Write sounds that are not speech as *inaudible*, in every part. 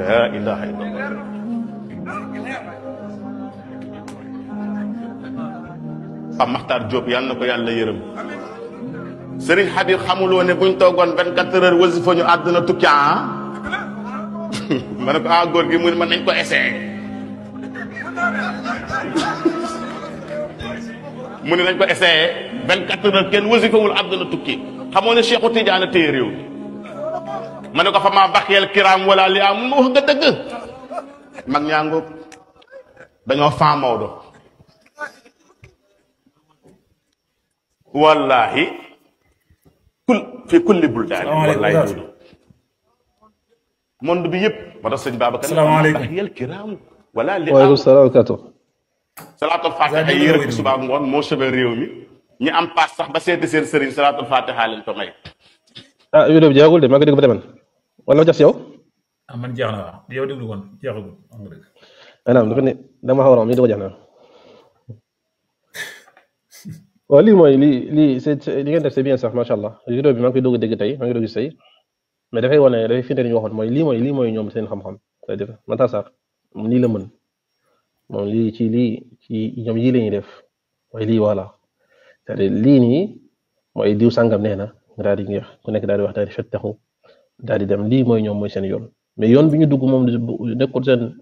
لا اله الا الله ام مختار جوب يال نكو يالا ييرم سيرين حبيب خامول وني بون توغون 24 هور وزي فنيو ادنا توكيا مانكو اه غور كي مون مان نكو اسي مون نكو اسي 24 هور كين وزي فول ادنا توكي خامول شيخو تيجانا تيريو ma ne ko fa maa baqiyal ma wax nga dëgg mag ñaa dañoo faa Maodo fi kulli buldaani wallaahi bi yëpp ma tax sëñ Babacar salaamaaleykum baqiyal kiraam wala li amul salaatul fatiha yi rek suba ngoon moo sebe réew am paas sax ba seeti seen sëriñ salaatul fatiha leen ko ah vidéo bi jeexagul de maa ngi dégg ba deman wala ma jox si ah, man jeex na ah, dama a romb lii dafa jeex na *laughs* waaw lii mooy lii lii li ngeen def c'est bien sax macha allah vidéo bi maa ngi koy doog a tey maa ngi doog a sëy mais dafay wane dafay firnde ñu waxoon mooy lii mooy mooy ñoom seen xam-xam c'est-à-dire Matar Sarr lii la mën moom lii ci li ci ñoom yii la def mooy lii voilà c'est-à-dire lii mooy diw sàngam nee na. daal di ñeex ku nekk daal di wax daal di fettaxu daal di dem lii mooy ñoom mooy seen yoon mais yoon bi ñu dugg moom nekkul seen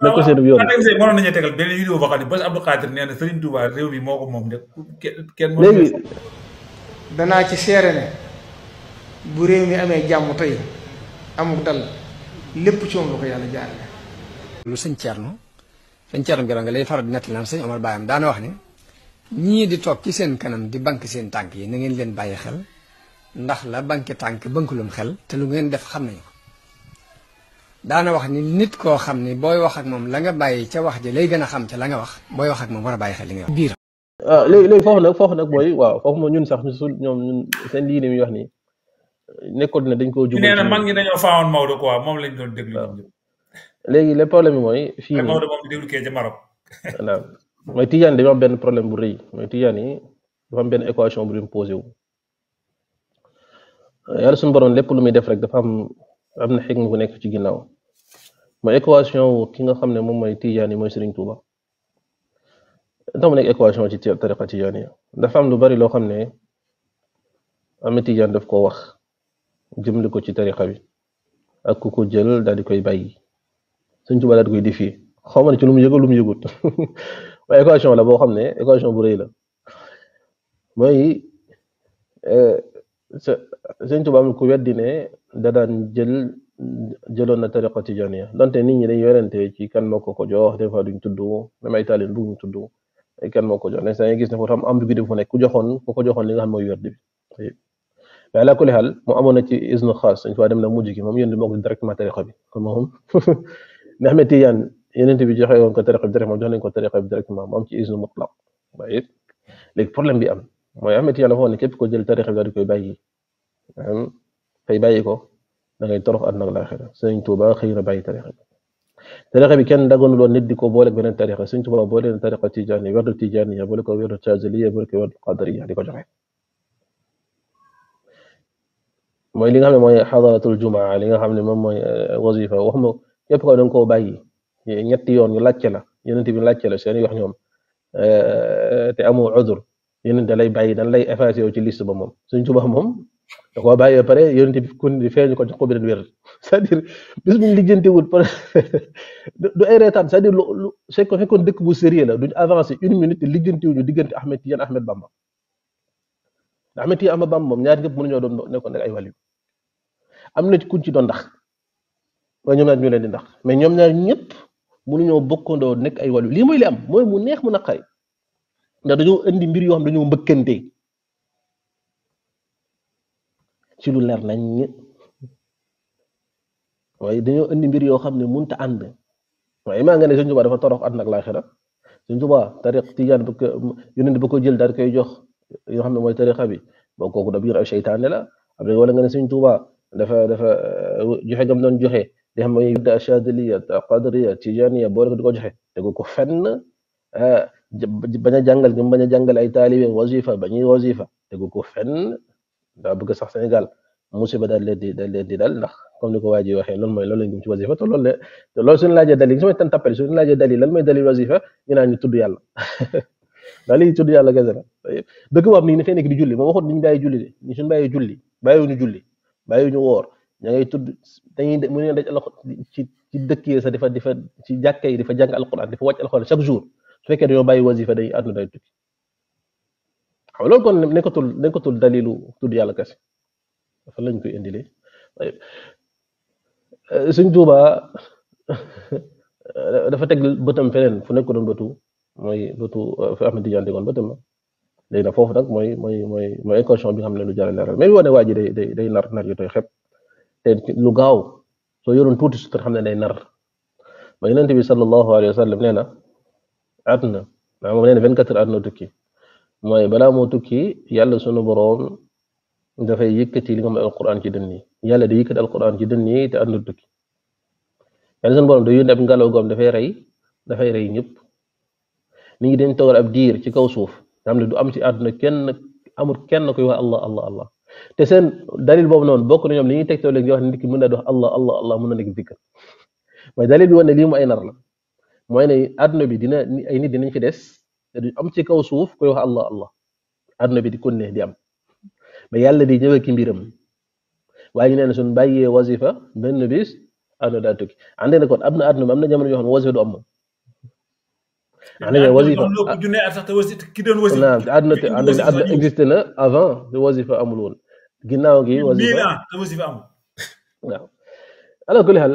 nekkul seen yoon. ne Bass Abdou Khadre nee na Serigne réew mi moo moom de danaa ci seere ne bu réew mi amee jàmm tey amul dal lépp ci moom la ko yàlla jaarale. lu sëñ Thierno sëñ Thierno Giraud nga lay faral di nettali naan sëñ Omar Bayam daana wax ni. ñii di toog ci seen kanam di banque seen tànk yi na ngeen leen bàyyi xel ndax la banque tànk bankulum xel te lu ngeen def xam nañu ko daana wax ni nit koo xam ni booy wax ak moom la nga bàyyi ca wax ja lay gën a xam ca la nga wax booy wax ak moom war a bàyyi xel li nga wax biir waaw ah, léegi léegi foofu nag waaw foofu moom ñun sax ñun ñoom ñun seen lii ni muy wax nii nekkoon na dañ koo jubal nee na moom lañ doon déglu léegi le problème bi mooy fii Maodo moom déglu kee ca Maroc mooy tijaan dañoo am benn problème bu rëy mooy tijaan yi am benn équation bu ñu posé wu yàlla lépp lu muy def rek dafa am am na xikma bu nekk ci ginnaaw mooy équation wu ki nga xam ne moom mooy tijaan yi mooy Serigne Touba dafa mu nekk équation ci tariqa tijaan yi dafa am lu bari loo xam ne am na tijaan daf koo wax jëmli ko ci tariqa bi ak ku ko jël daal di koy bàyyi Serigne Touba daal di koy défier xaw ci lu mu yëgul lu *laughs* mooy équation la boo xam ne équation bu rëy la mooy sëñ Tuubaa am ku weddi ne da daan jël jëloon na tariqa tijaniya donte nit ñi dañuy werante ci kan moo ko ko jox des fois duñ tudd même ay taalin bugg ñu tudd kan moo ko jox ne saa gis ne foofu am ambiguïté fu nekk ku joxoon ku ko joxoon li nga xam mooy werd bi mais ala kulli xaal mu amoon na ci isnu xaas sëñ Tuubaa dem na mujj gi moom yéen di moo ko directement tariqa bi kon moom Ahmed Tidiane يعني انت بيجي خيون كطريقه بدرك ما جوني كطريقه بدرك ما ما في اذن مطلق طيب ليك بروبليم بي ام ما يعمل تي على هون كيف كو ديال تاريخ بدرك يباي فهم نعم؟ في باي كو دا غي طرق ان الاخره سين توبا خير باي تاريخ تاريخ بي كان دا غون لو ندي كو بولك بنن تاريخ سين توبا بولن تاريخ تيجاني ورد تيجاني بولك ورد تشازليه بولك ورد قدريه ديكو جوي moy li nga xamne moy hadaratul jumaa li nga xamne mom moy wazifa wax mo yepp ko dang ko bayyi ñetti yoon ñu làcce la yeneen bi làcce la seen wax ñoom eh, te amoo udur yeneen da lay bàyyi dañ lay effacé yow ci liste ba moom suñ suba moom da koo bàyyi ba pare yeneen bi kun di feeñ ko ci ko beneen wér c'est-à-dire bis bu ñu lijjanti wut pare *laughs* du ay reetaan c'est-à-dire lu lu c'est que fekkoon dëkk bu sérieux la duñ avancé une minute te lijjanti wuñu diggante Ahmed Tidiane Ahmed Bamba Ahmed Tidiane Ahmed Bamba moom ñaar ñëpp mënuñoo doon nekkoon rek ay wàllu am na ci kuñ ci doon ndax waaye ñoom ñaar ñu leen di ndax mais ñoom ñaar ñëpp. mënuñoo bokkandoo nekk ay wàllu lii mooy li am mooy mu neex mu naqari ndax dañoo indi mbir yoo xam dañoo mbëkkante ci lu leer nañ waaye dañoo indi mbir yoo xam ne mënut ta ànd waaye maa nga ne Sëñ Tuubaa dafa torox at nag laaxira Sëñ Tuubaa tariq tijaan bu ko yonent koy jox yoo xam ne mooy tariqa bi boo kooku da biir ay seytaane la am wala nga ne Sëñ Tuubaa dafa dafa joxe gam doon joxe. اللي هم يبدا ashadiliya qadriya tijaniya boole ko di ko ko fenn bañ a jàngal gi bañ a ay taalibe wazifa ba ñuy wazifa tegu ko fenn daa bëgg sax Sénégal musiba daal leen di daal leen di dal ndax comme ni ko waa ji waxee loolu mooy loolu lañ gëm ci wazifa te loolu de loolu suñu laajee dalil su ma dalil lan mooy dalil wazifa ñu naan ñu tudd yàlla daal li tudd yàlla kese ni ne fee di julli moom waxut ni ñu bàyyi julli de ni suñu bàyyi julli bàyyiwuñu julli woor ña ngay tudd dañuy mu ne ci ci dëkk yi sax difa difa ci jàkka yi difa jàng alquran difa wàcc alquran chaque jour su fekkee dañoo bàyyi wasifa day àdduna day tukki xam loolu kon nekkatul nekkatul dalilu tudd yàlla kese dafa lañ koy indilee euh, suñ tuuba *laughs* dafa teg bëtam feneen fu nekk doon bëtu mooy bëtu euh, fi Ahmed Tidiane tegoon bëtam léegi nag foofu nag mooy mooy mooy mooy xam ne lu jar a leeral mais wane waa ji day day nar nar yu tooy xep lu gaaw soo yoroon tuuti sutura xam ne day nar ba yonent bi sallallahu alayhi wa sallam nee na àdduna maa moom nee na 24 heures àdduna tukki mooy balaa moo tukki yàlla sunu boroom dafay yëkkati li nga xam alquran ci dënn yi yàlla day yëkkati alquran ci dënn yi te àdduna tukki yàlla sunu boroom day yónni ab ngelaw goom dafay rey dafay rey ñëpp nit ñi dañ toogal ab diir ci kaw suuf nga xam ne du am ci àdduna kenn amul kenn kuy wax allah allah allah te seen dalil boobu noonu bokk na ñoom li ñuy tegtoo léegi di wax ne nit ki mën na dox allah allah allah mën na nekk zikr mooy dalil bi woon ne lii mu ay nar la mooy ne adduna bi dina ay nit dinañ fi des te duñ am ci kaw suuf koy wax allah allah adduna bi di kunne di am ba yàlla di ñëwee ki mbiram waaye ñu neen suñ bàyyee wasifa benn bis adduna daa tukki ànd na kon am na adduna am na jamono yoo xam ne wasifa du am moom ànd na wasifa àdduna àdduna existé na avant wasifa amul woon قلناوي وزيفا وزيفا نعم على كل حال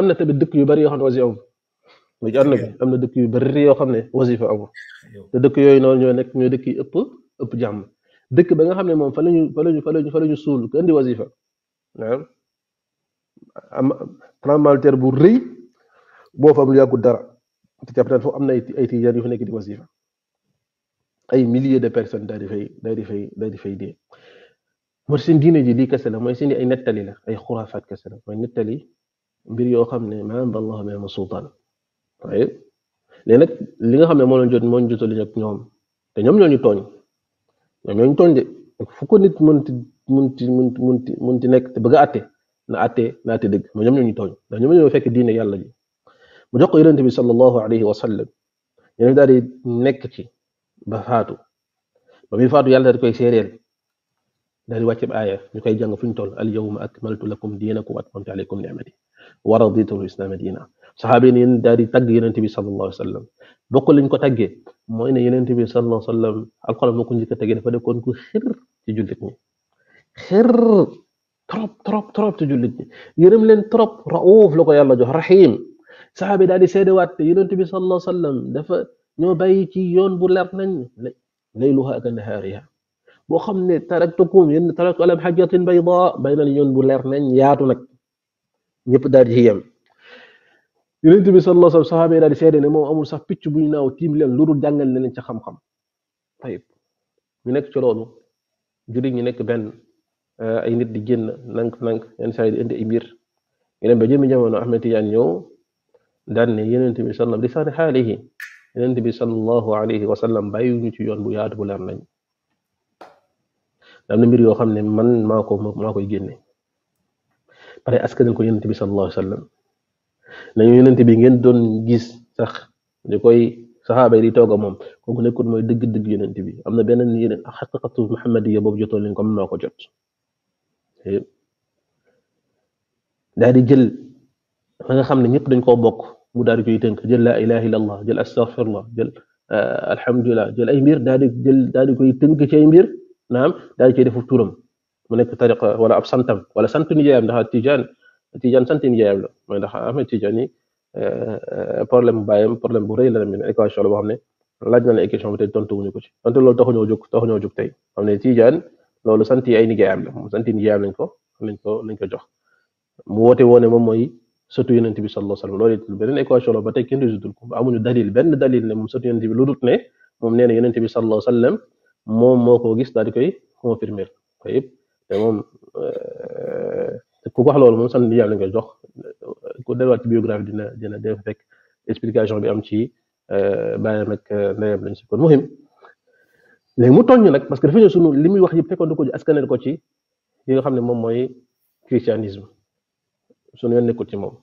am na tamit dëkk yu bari yoo xam ne wasi am mu ci àdduna bi am na dëkk yu bari yoo xam ne wasifa amul te dëkk yooyu noonu ñoo nekk ñoo dëkk yi ëpp ëpp jàmm dëkk ba nga xam ne moom fa lañu fa lañu fa lañu fa lañu suul ko indi wasifa naam am tremblementaire bu rëy boo fa am yàggul dara te jàpp naa foofu am na ay tijaan yu fa nekk di wasifa ay milliers de personnes daal di fay daal di fay daal di fay dee mooy seen diine ji lii kese la mooy seen ay nettali la ay xuraafaat kese la mooy nettali mbir yoo xam ne ma anzala Allahu bihimaa sultaan waaye léegi nag li nga xam ne moo leen jot moo ñu jotali ak ñoom te ñoom ñoo ñu tooñ ñoom ñoo ñu tooñ de fu ko nit mënti mënti mënti mënti mënti nekk te bëgg a àtte na àtte na àtte dëgg mooy ñoom ñoo ñu tooñ ndax ñoom ñoo fekk diine yàlla ji mu jox ko yonent bi sallallahu alayhi wa sallam ñoom daal di nekk ci ba faatu ba muy faatu yàlla daal di koy séeréer daal di wàcce aaya ñu koy jàng fu ñu toll al yawma akmaltu lakum diinakum wa atmamtu alaykum ni'mati wa raditu lil islaama diina saxaaba yi ne yéen daal di tagg yonente bi sallallahu alayhi wa sallam bokk lañ ko taggee mooy ne yonente bi sallallahu alayhi wa sallam alxuraan moo ko njëkk a taggee dafa nekkoon ku xir ci jullit ñi xir trop trop trop ci jullit ñi yërëm leen trop rauf la ko yàlla jox rahim saxaaba yi daal di seedewaat te yonente bi sallallahu alayhi wa sallam dafa ñoo bàyyi ci yoon bu leer nañ layluha ka nahaariha boo xam ne taraktukum yéen taraktu alam xajatin bayda bay na yoon bu leer nañ yaatu nag ñëpp daal di yem yonent bi sallallahu alayhi wa sallam saxaaba yi daal di seede ne moom amul sax picc buy naaw tiim leen lu dul jàngal ne leen ca xam-xam tayib ñu nekk ci loolu jullit ñi nekk benn ay nit di génn nank nank yenn saa yi di indi ay mbir yeneen ba jëmi jamono Ahmed Tidiane ñëw daan ne yonent bi sallam lisaani xaalihi yonent bi sallallahu alayhi wa sallam bàyyiwuñu ci yoon bu yaatu bu leer nañ am na mbir yoo xam ne man maa ko maa koy génne pare askanal ko yonent bi sallallahu alayhi wa sallam nañu yonent bi ngeen doon gis sax di koy saxaaba yi di toog a moom kooku nekkul mooy dëgg-dëgg yonent bi am na beneen yeneen xaqiqatu muhammadiya boobu jotoo leen ko maa ko jot daa di jël fa nga xam ne ñëpp dañ koo bokk mu daal di koy tënk jël la ilaha illallah jël astaghfirullah jël alhamdulillah jël ay mbir daal di jël daal di koy tënk ci ay mbir naam daal di cay defu turam mu nekk tariqa wala ab santam wala sant nijaayam ndax tijaan tijaan sant nijaayam la mooy ndax Ahmed Tijaan yi eh, problème bu bàyyam problème bu rëy la demee équation la boo xam ne laaj na la équation bi te tontu wuñu ko ci wante loolu taxuñoo jóg taxuñoo jóg tey xam ne tijaan loolu sant yi ay nijaayam la moom sant yi nijaayam lañ ko lañ ko lañ ko jox mu woote woone moom mooy sëtu yonent bi sallallahu alayhi wasallam loolu it beneen équation la ba tey kenn résultul ko amuñu dalil benn dalil ne moom sëtu yonent bi lu dut ne moom nee na yonent bi sallallahu alayhi wasallam moom moo ko gis daal di koy confirmer tayib te moom euh, te ku wax loolu moom sant yàlla la nga jox ku delluwaat ci biographie dina dina def fekk explication bi am ci euh, bàyyam ak euh, ndeyam lañ si kon muhim léegi mu toññ nag parce que dafa ñëw sunu li muy wax yëpp fekkoon na ko askanel ko ci yi nga xam ne moom mooy christianisme sunu yoon nekkul ci moom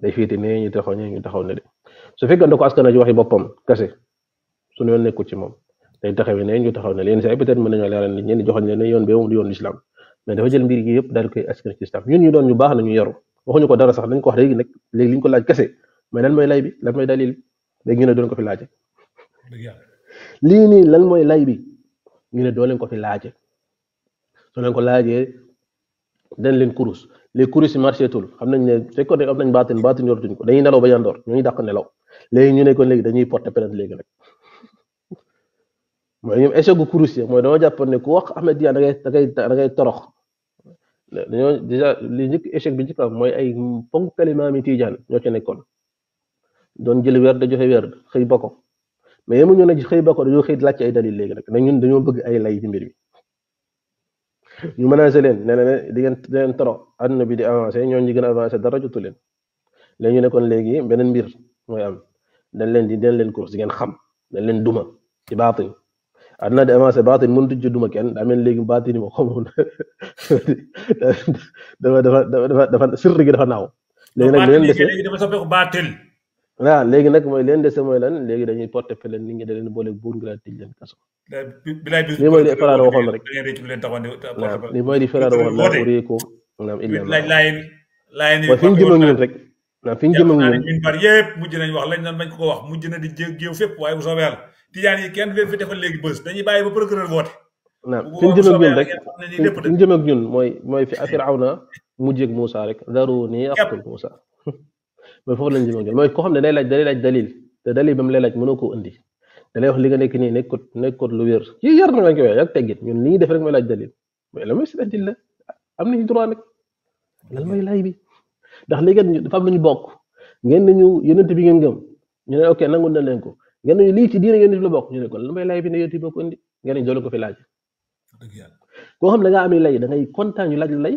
day féete ne ñu taxaw ne ñu taxaw ne su fekkee da ko askanel ci waxi boppam kese sunu yoon nekkul ci moom. day taxawee ne ñu taxaw ne leen saay peut-être mëna ñu leral ñi ñenn joxoñ ne yoon bi yoon islam mais dafa jël mbir gi yëpp dal koy askan ci islam ñun ñu doon ñu baax nañu yaru waxuñu ko dara sax dañ ko wax léegi nak léegi liñ ko laaj kessé mais lan moy lay bi lan moy dalil bi ñu ne doon ko fi laaje li ni lan moy lay bi ñu ne do leen ko fi laaje do leen ko laajé dañ leen kurus les kurus marché tul xam nañ ne fekkoon ne am nañ baatin baatin yortuñ ko dañuy nalaw ba yandoor ñuy dakk nelaw léegi ñu ne kon léegi dañuy porter plainte léegi nak mooy ñoom échec gu crucial mooy dañoo jàppoon ne ku wax Ahmed Dian da ngay da ngay da ngay torox dañoo déjà li njëkk échec bi njëkk am mooy ay ponk kalimaami Tijaan ñoo ci nekkoon doon jël werd da joxe werd xëy ba ko mais yemu ñu ne xëy ba ko dañoo xëy laaj ay dalil léegi nag ne ñun dañoo bëgg ay lay ci mbir mi ñu menacé leen nee na ne di ngeen di ngeen torox àdduna bi di avancé ñoo ñi gën a avancé dara jotu leen léegi ñu ne kon léegi beneen mbir mooy am dañ leen di dañ leen course di ngeen xam dañ leen duma ci baatin àdduna di avancé baatin mënut a judduma kenn daa mel ni léegi baatin ma xamul dafa dafa dafa dafa sirri gi dafa naaw. léegi nag leen dese léegi dafa soppeeku baatil. waaw léegi nag mooy leen dese mooy lan léegi dañuy porté peleen ni ñi da leen boole buur ngi laa tëj leen kaso. Eh, lii mooy di Faraada waxoon rek waaw lii mooy di Faraada waxoon rek uriikum naam illa ma waaw fi ñu jëm ak ñun rek. waaw fi ñu jëm ak ñun. mujj nañ wax lañ nan ko wax mujj na di jéew fépp waaye bu tijaan yi kenn fi defal léegi bës dañuy bàyyi ba procureur woote. naam fi ñu jëm ak ñun rek fi ñu jëm ak ñun mooy mooy fi Firawna mujjee ak Moussa rek daruni aqtul Moussa mais foofu lañ jëm ak ñun mooy koo xam ne day laaj day laaj dalil te dalil ba mu lay laaj mënoo koo indi da lay wax li nga nekk nii nekkut nekkut lu wér yi yar na nga koy wax ak teggin ñun li ñuy def rek mooy laaj dalil mais la mooy si dalil la am nañu droit nag lan mooy lay bi ndax léegi dafa am lu ñu bokk ngeen ne ñu yonent bi ngeen gëm ñu ne ok nangu na leen ko nga ne lii ci diine ngeen def la bokk ñu ne kon lu may lay bi ne yéen bokk indi nga ne doole ko fi laaj dëgg yàlla koo xam ne da ngaa amee lay da ngay kontaan ñu laaj la lay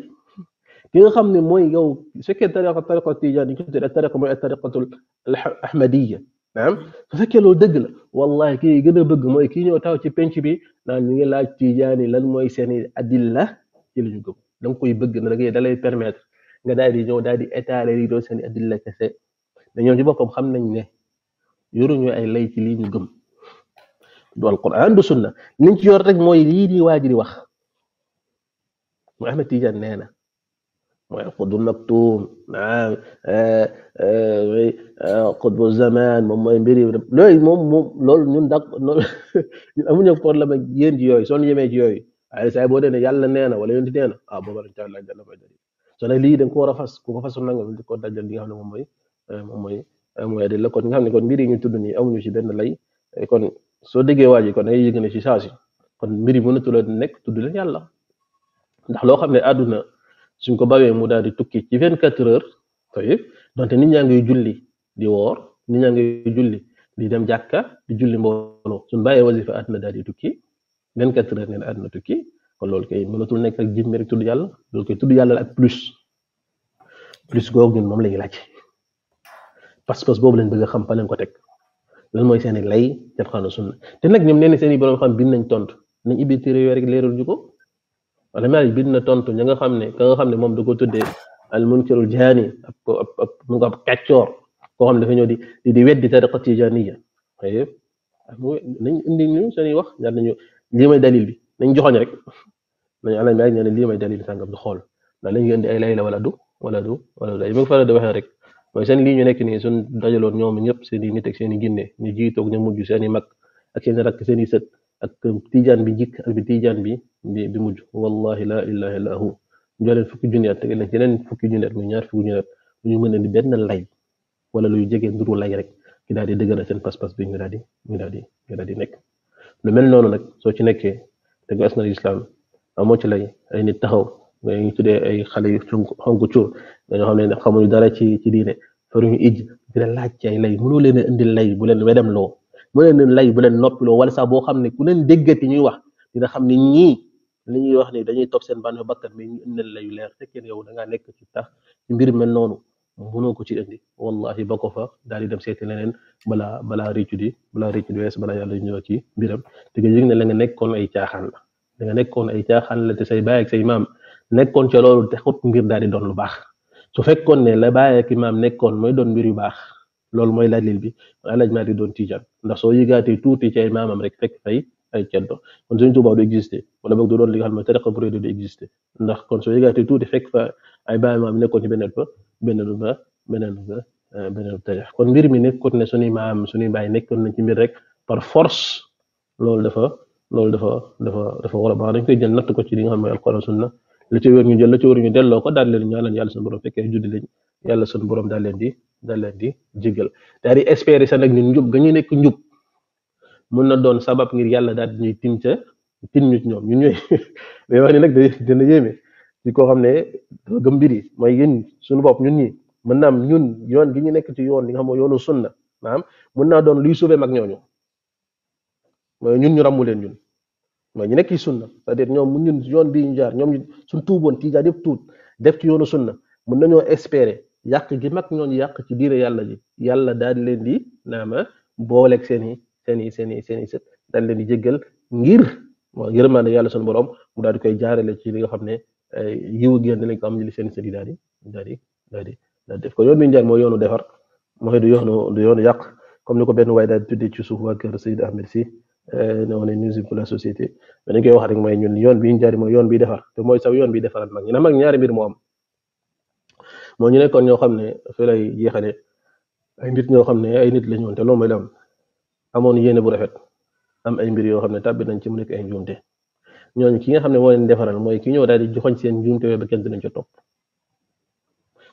ki nga xam ne mooy yow su fekkee tariqa tariqa tijaan ñu tuddee tariqa mooy tariqatul ahmadiyya naam su fekkee loolu dëgg la wallahi kii gën a bëgg mooy kii ñëw taw ci penc bi naan ñu ngi laaj tijaan yi lan mooy seen i adilla ci la ñu gëm da nga koy bëgg na da lay permettre nga daal di ñëw daal di étaler yi doon seen i adilla kese dañoo ci boppam xam nañ ne yoruñu ay lay ci lii ñu gëm du alquran du sunna liñ ci yor rek mooy lii di waa ji di wax mu Ahmed Tidiane nee na mooy alqudul maktum naam qudbu zaman moom mooy mbiri looyu moom moom loolu ñun dak ñun amuñu problème ak yéen ci yooyu soo yemee ci yooyu waaye saa boo dee ne yàlla nee na wala yonti nee na ah booba dañ caa laaj dana koy dari so nag lii dañ ko war a fas ku ko fasul nangam di ko dajal li nga xam ne moom mooy moom mooy mooy de la kon nga xam kon mbiri yi ñu tudd nii amuñu ci ben lay kon so dege waji kon ay yegene ci saasi kon mbiri yi mënatu la nek tuddu la yalla ndax lo xamne aduna suñ ko bawee mu daldi tukki ci 24 heures tayib donte nit ñaa ngi julli di wor nit ñaa ngi julli di dem jakka di julli mbolo suñ baye wazifa àdduna daldi tukki 24 heures ne àdduna tukki kon lol kay mënatul nek ak jimmi rek tuddu yalla lol kay tuddu yalla ak plus plus gog ñun mom la lacc pas-pas boobu lañ bëgg xam fa lañ ko teg lan mooy seeni lay ci alxuraan sunna te nag ñoom nee seeni borom xam bind nañ tontu nañ ibbi téere yooyu rek leerul ñu ko wala mel bind na tontu ña nga xam ne ka nga xam ne moom da ko tuddee al munkirul jani ab ab ab mu nga ab kàccoor koo xam ne dafa ñëw di di di weddi tariqa tijaniya xëy nañ indi ñu seeni wax ñaar nañu lii may dalil bi nañ joxoñ rek nañ alam yaay ñu ne lii may dalil sangam du xool ndax lañ yëndi ay lay la wala du wala du wala du ay mu fa la da waxee rek mooy seen lii ñu nekk nii suñ dajaloon ñoom ñëpp seen i nit ak seen i ginne ñu jiitoog ñu mujj seen i mag ak seen rak rakk seen i sët ak tijaan bi jik ak bi tijaan bi bi mujj wallahi la ilaha illa hu ñu leen fukki junniyaat teg leen yeneen fukki junniyaat muy ñaar fukki junniyaat lu ñu mën a di benn lay wala lu jege nduru lay rek ki daal di dëgëral seen pas-pas bi ñu daal di ñu daal di ñu daal di nekk lu mel noonu nag soo ci nekkee te gas islam amoo ci lay ay nit taxaw ñu tuddee ay xale yu xonku cuur dañoo xam ne xamuñu dara ci ci diine faruñu ij di leen laaj ci ay lay mënoo leen a indil lay bu leen wedam loo mu leen lay bu leen noppiloo wala sax boo xam ne ku leen déggati ñuy wax dina xam ne ñii li ñuy wax ne dañuy topp seen bànneexu bakkan mais ñu indil layu leer fekkeen yow da ngaa nekk tax ci mbir mel noonu mënoo ko ci indi wallahi ba ko fa daal di dem seeti leneen balaa balaa réccu di balaa di wees balaa yàlla ñëw ci mbiram te nga yëg ne la nga nekkoon ay la da nga nekkoon la te say baay ak say maam nekkoon ca loolu taxut mbir daal di doon lu baax su fekkoon ne la bàyyi ak imaam nekkoon mooy doon mbir yu baax lool mooy dalil bi alaaj maa di doon tijaan ndax soo yëgaatee tuuti ca imaamam rek fekk ay ceddo kon Sëriñ Tuubaa wala boog du doon li nga xam ne tariqa bu du exister ndax kon soo yëgaatee tuuti fekk fa ay bàyyi maam nekkoon ci beneen ba beneen ba beneen ba eh, beneen tarix kon mbir mi nekkoon ne suñuy maam suñuy bàyyi nekkoon nañ ci mbir rek par force loolu dafa loolu dafa dafa dafa war a baax dañ koy jël natt ko ci li nga xam ne mooy alquran na la ci wër ñu jël la ci wër ñu delloo ko daan leen ñaanal yàlla sunu borom fekkee juddi lañ yàlla sunu borom daal leen di daal leen di jigal daal di espérer sa nag ñun njub ga ñu nekk njub mun na doon sabab ngir yàlla daal di ñuy tim ca tim ñu ñoom ñun ñooy *laughs* mais wax ni nag dina yéeme ci koo xam ne dafa gëm mbir yi mooy yéen sunu bopp ñun ñi mën naa am ñun yoon gi ñu nekk ci yoon li nga xam mooy yoonu sunna maanaam mun naa doon luy sauver mag ñooñu mooy ñun ñu ràmmu leen ñun mooy ñu nekk ci sunna c'est-à-dire ñoom mu ñun yoon bii ñu jaar ñoom ñu suñ tuuboon ci jaar yëpp tuut def ci yoonu sunna mën nañoo espérer yàq gi mag ñooñu yàq ci diire yàlla ji yàlla daal leen di naama booleeg seen i seen i seen i seen i sët daal leen di jéggal ngir moo yërmande yàlla sunu borom mu daal di koy jaarale ci li nga xam ne yiwu génn lañ ko am li seen i sët yi daal di daal di daal di daal def ko yoon bi ñu jaar mooy yoonu defar mooy du yoonu du yoonu yàq comme ni ko benn waay daal di tuddee ci suuf waa kër Seydou Ahmed si Euh, noo ne nuisible pour la société mais dañ koy wax rek mooy ñun yoon bi ñu jaar mooy yoon bi defar te mooy saw yoon bi defaral mag ñu ne mag ñaari mbir moo am moo ñu nekkoon ñoo xam ne fii lay jeexale ay nit ñoo xam ne ay nit la ñu woon te loolu mooy la am amoon yéene bu rafet am ay mbir yoo xam ne tàbbi nañ ci mu nekk ay njuumte ñooñu ki nga xam ne moo leen defaral mooy ki ñëw daal di joxoñ seen njuumte ba kenn dinañ ci topp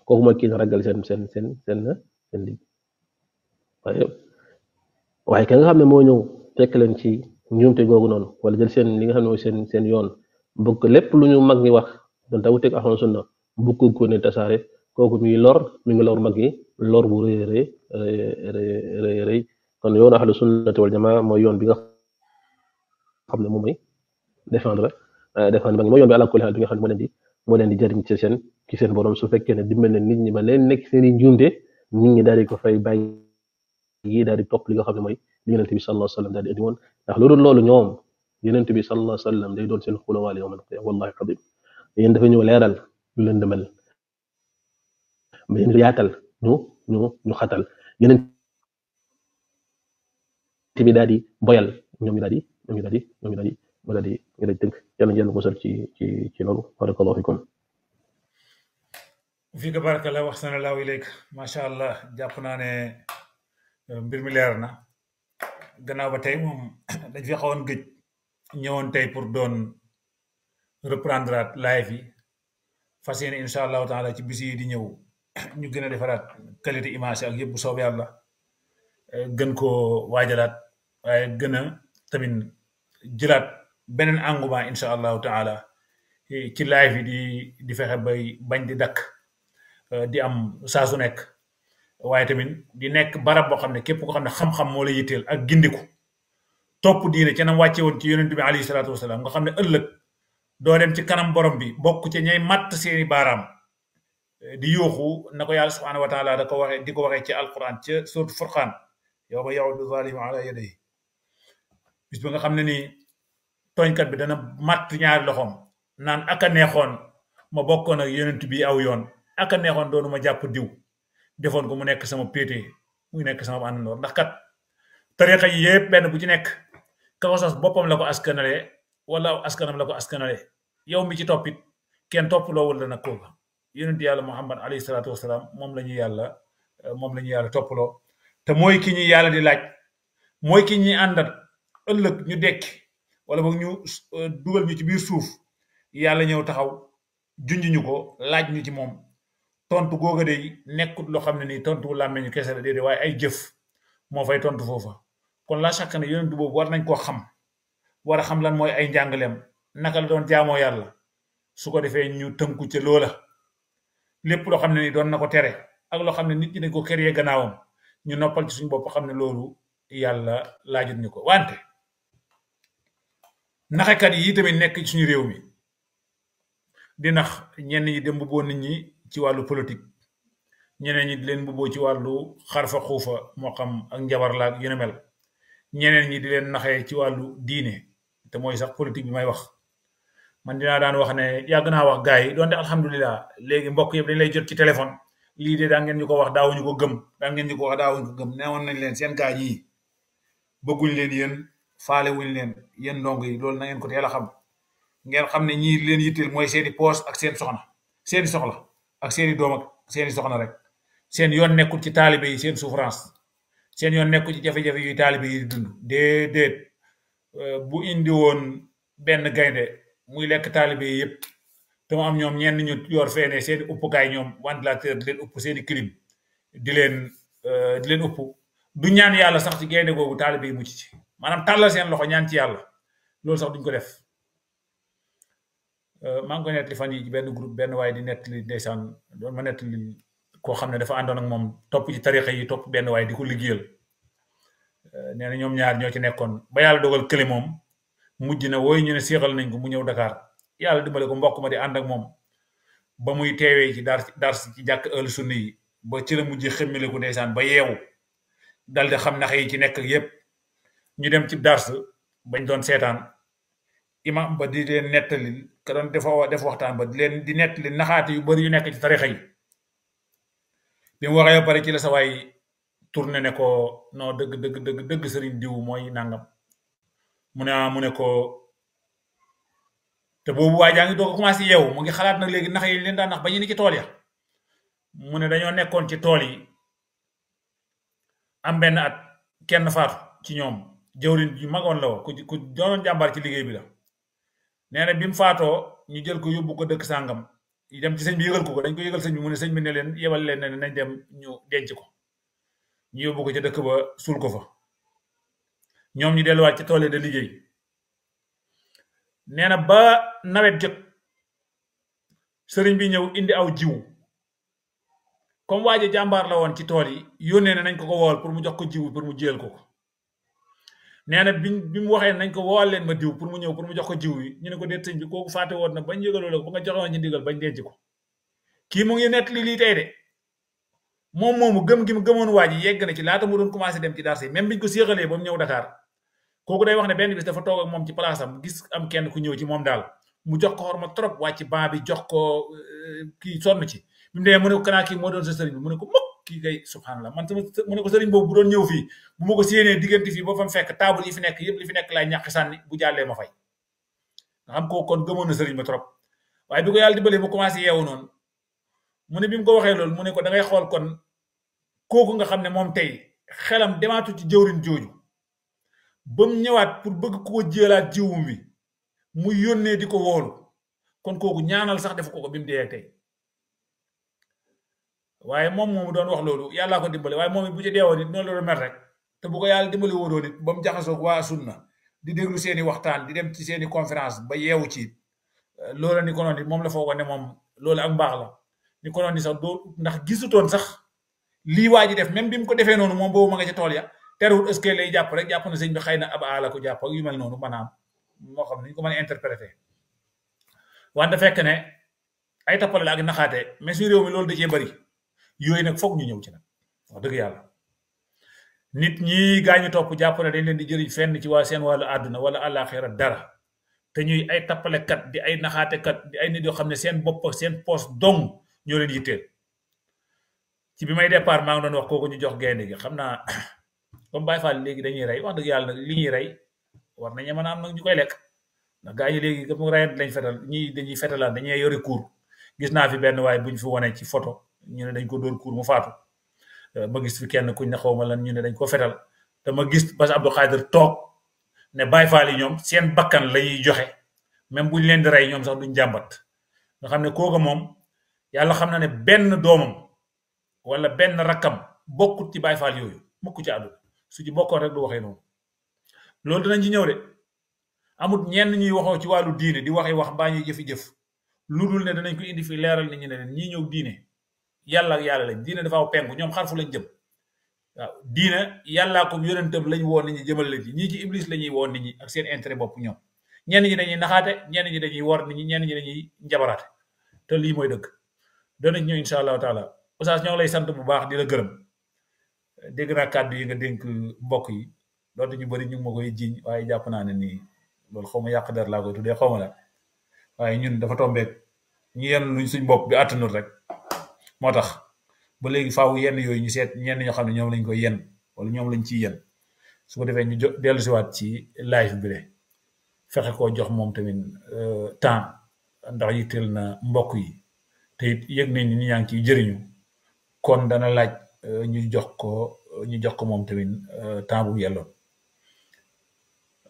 kooku mooy ñu ragal seen seen seen seen seen liggéey waaye waaye ki nga xam ne moo ñëw. fekk leen ci njuumte googu noonu wala jël seen li xam ne mooy seen seen yoon bëgg lépp lu ñu mag ñi wax doon taw teg axoon sunna bëgg ko ne tasaare kooku mi lor mi ngi lor mag ñi loor bu rëy rëy rëy rëy kon yoonu ahlu sunnati wal jamaa mooy yoon bi nga xam na moom mooy défendre euh, défendre mag ñi mooy yoon bi àla kulli xaal bi nga xam ne moo leen di leen di jëriñ ci seen ci seen borom su fekkee ne dimbal leen nit ñi ba leen nekk seen i njuumte nit ñi daal di ko fay bàyyi yi daal di topp li nga xam ne mooy yonent bi sallallahu alayhi wa sallam daal di indi woon ndax lu dul loolu ñoom yonent bi sallallahu alayhi wa sallam day doon seen xulawaal yowmal qiyaam wallahi xadim yéen dafa ñëw leeral lu leen demal mais yéen yaatal ñu ñu ñu xatal yonent bi daal di boyal ñoom ñu daal di ñoom ñu daal di ñoom ñu daal di ñu daal di ñu daal di tënk yàlla yàlla musal ci ci ci loolu barakallahu fikum fii nga baraka la wax sana laaw ilayk macha allah jàpp naa ne mbir mi leer na gannaaw ba tey moom *clears throat* dañ fi xawoon gëj ñëwoon tey pour doon reprendre at live yi fas yéene incha allah taala ci bis yi di ñëw *clears throat* ñu gën a defaraat qualité image ak yëpp bu soob eh, gën koo waajalaat waaye gën a tamit jëlaat beneen engouement incha allah taala ci live yi di di fexe bay bañ di dakk eh, di am saa su nekk waaye tamit di nekk barab boo xam ne képp koo xam ne xam-xam moo la yitteel ak gindiku topp diine ca nam wàcce woon ci yonent bi alayhi salaatu wasalaam nga xam ne ëllëg doo dem ci kanam borom bi bokk ci ñay matt seeni baaraam di yooxu na ko yàlla subhaanahu da ko waxee di ko waxee ci alquran ca suratu furqaan yow ma yawdu zalimu ala yadayhi nga xam ne nii tooñkat bi dana matt ñaari loxoom naan aka neexoon ma bokkoon ak yonent bi aw yoon aka neexoon doonu ma jàpp diw defoon ko mu nekk sama péete mu nekk sama àndandoor ndax kat tariqa yi benn bu ci nekk Kaw Sas boppam la ko askanalee wala askanam la ko askanalee yow mi ci toppit kenn topp loowul la nag kooga yonent yàlla Muhammad alayhi salaatu wasalaam moom la ñu yàlla euh, moom la yàlla toppaloo te mooy ki ñu yàlla di laaj mooy ki ñu àndal ëllëg ñu dekki wala boog ñu euh, dugal ñu ci biir suuf yàlla ñëw taxaw junj ñu ko laaj ñu ci moom tontu googa de nekkut loo xam ne nii tontu wu làmmeñu kese la déedéet waaye ay jëf moo fay tontu foofa kon la chaque ne yonent boobu war nañ koo xam war a xam lan mooy ay njàngaleem naka la doon jaamoo yàlla su ko defee ñu tënku ca loola lépp loo xam ne nii doon na ko tere ak loo xam ne nit ñi dañ ko kéré gannaawam ñu noppal ci suñu bopp xam ne loolu yàlla laajut ñu ko wante naxekat yi tamit nekk ci suñu réew mi di nax ñenn ñi dem boo nit ñi. ci wàllu politik ñeneen ñi di leen mbubboo ci wàllu xarfa xuufa moo xam ak njabar laak yu ne mel ñeneen ñi di leen naxee ci wàllu diine te mooy sax politique bi may wax man dinaa daan wax ne yàgg naa wax gaa yi donte alhamdulilah léegi mbokk yëpp dañ lay jot ci téléphone lii de daa ngeen ñu ko wax daawuñu ko gëm daa ngeen ñu ko wax daawuñu ko gëm neewoon nañ leen seen gaa yi bëgguñ leen yéen faale wuñ leen yéen ndong yi loolu na ngeen ko teel a xam ngeen xam ne ñii leen yitteel mooy seeni poos ak seen seeni soxla ak seeni doom ak seeni soxna rek seen yoon nekkul ci taalibe yi seen souverance seen yoon nekkul ci jafe-jafe yuy taalibe yi di dund déedéet euh, bu indi woon benn gaynde muy lekk taalibe yi yëpp te mu am ñoom ñeen ñu yor feene seeni uppukaay ñoom ventilateur di leen upp seeni clim di leen euh, di leen upp du ñaan yàlla sax ci gaynde googu taalibe yi mucc ci maanaam tàllal seen loxo ñaan ci yàlla loolu sax duñ ko def Euh, maa ngi nettali fan yi ci benn groupe benn waaye di nettali ndeysaan doon ma nettali koo xam ne dafa àndoon ak moom topp ci tarixa yi topp benn waaye di ko liggéeyal euh, nee na ñoom ñaar ñoo ci nekkoon ba yàlla dogal kële moom mujj na wooyu ñu ne seexal nañ ko mu ñëw dakaar yàlla dimbale ko mbokk ma di ànd ak moom ba muy teewee ci dar dar ci jàkk ëll sunni yi ba ci la mujj ku desan ba yeewu dal di xam nax yi ci nekk yépp ñu dem ci dars bañ doon seetaan imam ba di leen nettali ka doon dafa def waxtaan ba di leen di nettali naxaate yu bari yu nekk ci tarixa yi bi mu waxee ba ci la sawaay waay tourné ne ko noo dëgg dëgg dëgg sëriñ diw mooy nangam mu ne ah, mu ne ko te boobu waa jaa ngi doo a commencé yeewu mu ngi xalaat nag léegi nax yi leen daan nax ba ñu ni ci tool ya mu ne dañoo nekkoon ci tool yi am benn at kenn faatu ci ñoom jëwrin yu magoon la woo ku ku doonoon jàmbaar ci liggéey bi la nee na bi mu faatoo ñu jël ko yóbbu ko dëkk sàngam ñu dem ci sëñ bi yëgal ko dañ ko yëgal sëñ bi mu ne sëñ bi ne leen yebal leen ne dem ñu denc ko ñu yóbbu ko ca dëkk ba suul ko fa ñoom ñu delluwaat ci tool yi da liggéey nee na ba nawet jot sëriñ bi ñëw indi aw jiw comme waa ji jàmbaar la woon ci tool yi yónnee ne nañ ko ko wool pour mu jox ko jiw pour mu jiyal ko ko nee na biñ bi mu waxee nañ ko woowal leen ma diw pour mu ñëw pour mu jox ko jiw yi ñu ne ko déet sëñ bi kooku fàtte woon na bañ yëgaloo la ba nga joxoon mu ngi nett li moom moomu gëm gi mu gëmoon waa ji yegg na ci laata mu doon commencé dem ci darse même biñ ko séexalee ba mu ñëw Dakar kooku day wax ne benn bis dafa toog moom ci place am gis am kenn ku ñëw ci moom daal mu jox ko ma trop wàcc ban bi jox ko euh, kii sonn ci bi mu mu ne ko kanaa kii moo doon sa sëriñ bi mu ne ko mukk kii kay subhanallah man sama mu ne ko sëriñ boobu bu doon ñëw fii bu ma ko séenee diggante fii ba fa fekk taabal yi fi nekk yëpp li fi nekk laay ñàkk sànni bu jàllee ma fay nga xam ko kon gëmoon na sëriñ ba trop waaye bi yàlla dimbalee mu commencé yeewu noonu mu ne bi mu ko waxee loolu mu ne ko da xool kon kooku nga xam ne moom tey xelam demaatu ci jëwrin jooju ba ñëwaat pour bëgg koo jëlaat jiwum wi mu yónnee di ko wóolu kon kooku ñaanal sax def ko ko bi dee tey waaye moom moomu doon wax loolu yàllaa ko dimbale waaye moom it bu ci deewoon it noonu loolu mer rek te bu ko yàlla dimbale woon ba mu jaxasoog waa sunna di déglu seeni waxtaan di dem ci seeni conférence ba yeewu ci eh, loola ko noon it moom la foogoo ne moom loolu ak mbaax la ni ko noon ni sax doo ndax gisutoon sax lii waa ji def même bi mu ko defee noonu moom boobu ma nga ca tool ya terewul est-ce que lay jàpp rek jàpp na sëñ bi xëy na ab aala ko jàpp ak yu mel noonu maanaam moo xam niñu ko mën a interpréter wante fekk ne ay tappale la ak naxaate mais loolu da cee yooyu nag foog ñu ñëw ci nag wax dëgg yàlla nit ñi gaañu topp jàpp ne dañ leen di jëriñ fenn ci waa seen wàllu àdduna wala àllaaxira dara te ñuy ay tappalekat di ay naxaatekat di ay nit yoo xam ne seen bopp seen poos dong ñoo leen yitteel ci bi may départ maa ngi doon wax kooku ñu jox gaynde gi xam naa *coughs* comme Baye Fall léegi dañuy rey wax dëgg yàlla nag li ñuy rey war nañu mën a am nag ñu koy lekk ndax gaa yi léegi gëm rayant lañ ñii dañuy fetalaan dañuy yore kuur gis naa fi benn waaye buñ fi wane ci photo ñu ne dañ ko dóor kuur mu faatu euh, ma gis fi kenn kuñ ne xaw ma lan ñu ne dañ ko fetal dama ma gis Bass Abdou Khadre toog ne baay Fall yi ñoom seen bakkan lañuy joxe même buñ leen di rey ñoom sax duñ jàmbat nga xam ne kooka moom yàlla xam na ne benn doomam wala benn rakkam bokkut ci baay Fall yooyu mukk ci àdduna su ci bokkoon rek du waxee noonu loolu dinañ ci ñëw de amut ñeen ñuy waxoo ci wàllu diine di waxi wax mbaa ñuy jëfi jëf lu dul ne danañ ko indi fi leeral nit ne leen ñii ñëw diine yàlla ak yàlla lañ diine dafa aw penku ñoom xarfu lañ jëm waaw diine yàllaa ko yonentam lañ woo nit ñi jëmal leen ñii ci la ñuy woo nit ñi ak seen intérêt bopp ñoom ñenn ñi dañuy naxaate ñi dañuy wor nit ñi ñenn ñi dañuy njabaraate te lii mooy dëgg doonañ ñëw incha allahu taala Oustaz ñoo ngi lay sant bu baax di la gërëm dégg naa kàddu yi nga dénk mbokk yi loolu dootu ñu bëri ñu ngi ma koy jiiñ waaye jàpp naa ne nii loolu xaw ma yàq der laa koy tuddee xaw ma la waaye ñun dafa tombeek ñu yenn luñ suñ bopp bi àttanul rek moo tax ba léegi faw yenn yooyu ñu seet ñenn ñoo xam ne ñoom lañ ko yenn wala ñoom lañ ciy yenn su ko defee ñu jo dellusiwaat ci live bi de fexe koo jox moom tamit euh, temps ndax yitteel na mbokk yi te it yëg nañ ni ngi ciy jëriñu kon dana laaj euh, ñu jox ko ñu jox ko moom tamit euh, temps bu yelloon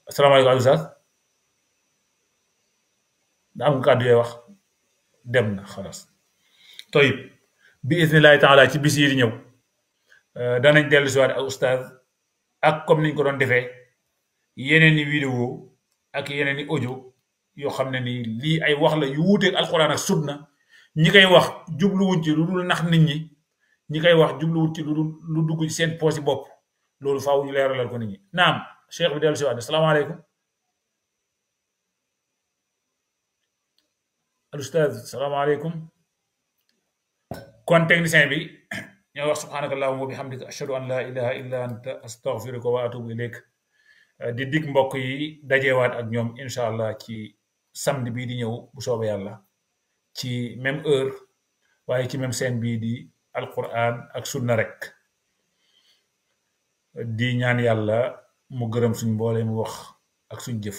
asalaamaaleykum Aliou da am kàddu yooy wax dem na xalas toyib bi idnillahi taala ci bis yi ñëw euh, danañ dellu si waat ak ak comme niñ ko doon defee yeneen i vidéo ak yeneen i audio yoo xam ne ni lii ay wax la yu wuuteeg alxuraan ak na ñi koy wax jubluwuñ ci lu dul nax nit ñi ñi koy wax jubluwuñ ci lu dul lu dugg ci seen poos bopp loolu faaw ñu leeralal ko nit ñi naam cheikh bi dellu si waat asalaamaaleykum al oustaz salaamaaleykum kon technicien bi *clears throat* ñoo wax subhanaka allahumma wa bihamdika ashhadu an la ilaha illa anta astaghfiruka wa atubu ilayk uh, di dig mbokk yi dajewaat ak ñoom incha allah ci samedi bii di ñëw bu soobee yàlla ci même heure waaye ci même seen bii di alquran ak sunna rek di ñaan yàlla mu gërëm suñ mboolee mu wax ak suñ jëf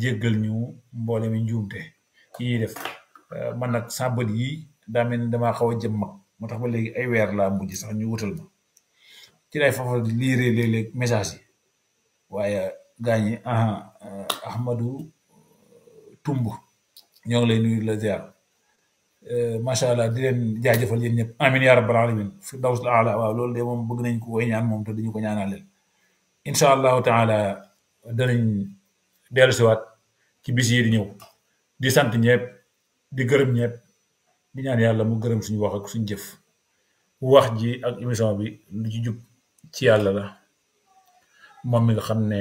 jéggal ñu mboole mi njuumte yi ñuy def uh, man nag sa yi daa ni damaa xaw a jëm mag moo tax ba léegi ay weer laa mujj sax ñu wutal ma ci lay fafal liire léeg-léeg message yi waaye gaañ yi aha Ahmadou euh, Tumb ñoo ngi lay nuyu la ziar euh, macha allah di leen jaajëfal yéen ñëpp amin yaa rabbal alamin fi dawsul ala waaw loolu de moom bëgg nañ ko koy ñaan moom te duñu ko ñaanal leen incha allahu taala danañ dellusiwaat ci bis yi di ñëw di sant ñëpp di gërëm ñëpp di ñaan yàlla mu gërëm suñu wax ak suñu jëf wax ji ak émission bi lu ci jub ci yàlla la moom mi nga xam ne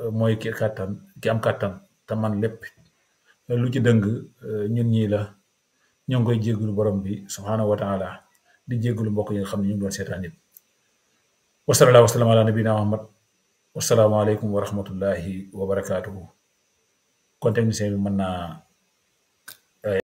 euh, mooy ki kàttan ki am kàttan te man lépp lu ci dëng euh, ñun ñii la ñoo ngi koy jégalu borom bi subhanahu wa taala di mbokk yi nga xam ne ñu ngi doon seetaan yëpp wasalala wasalam ala nabina muhammad wasalaamualeykum wa rahmatullahi wa barakaatuhu kon technicien bi mën naa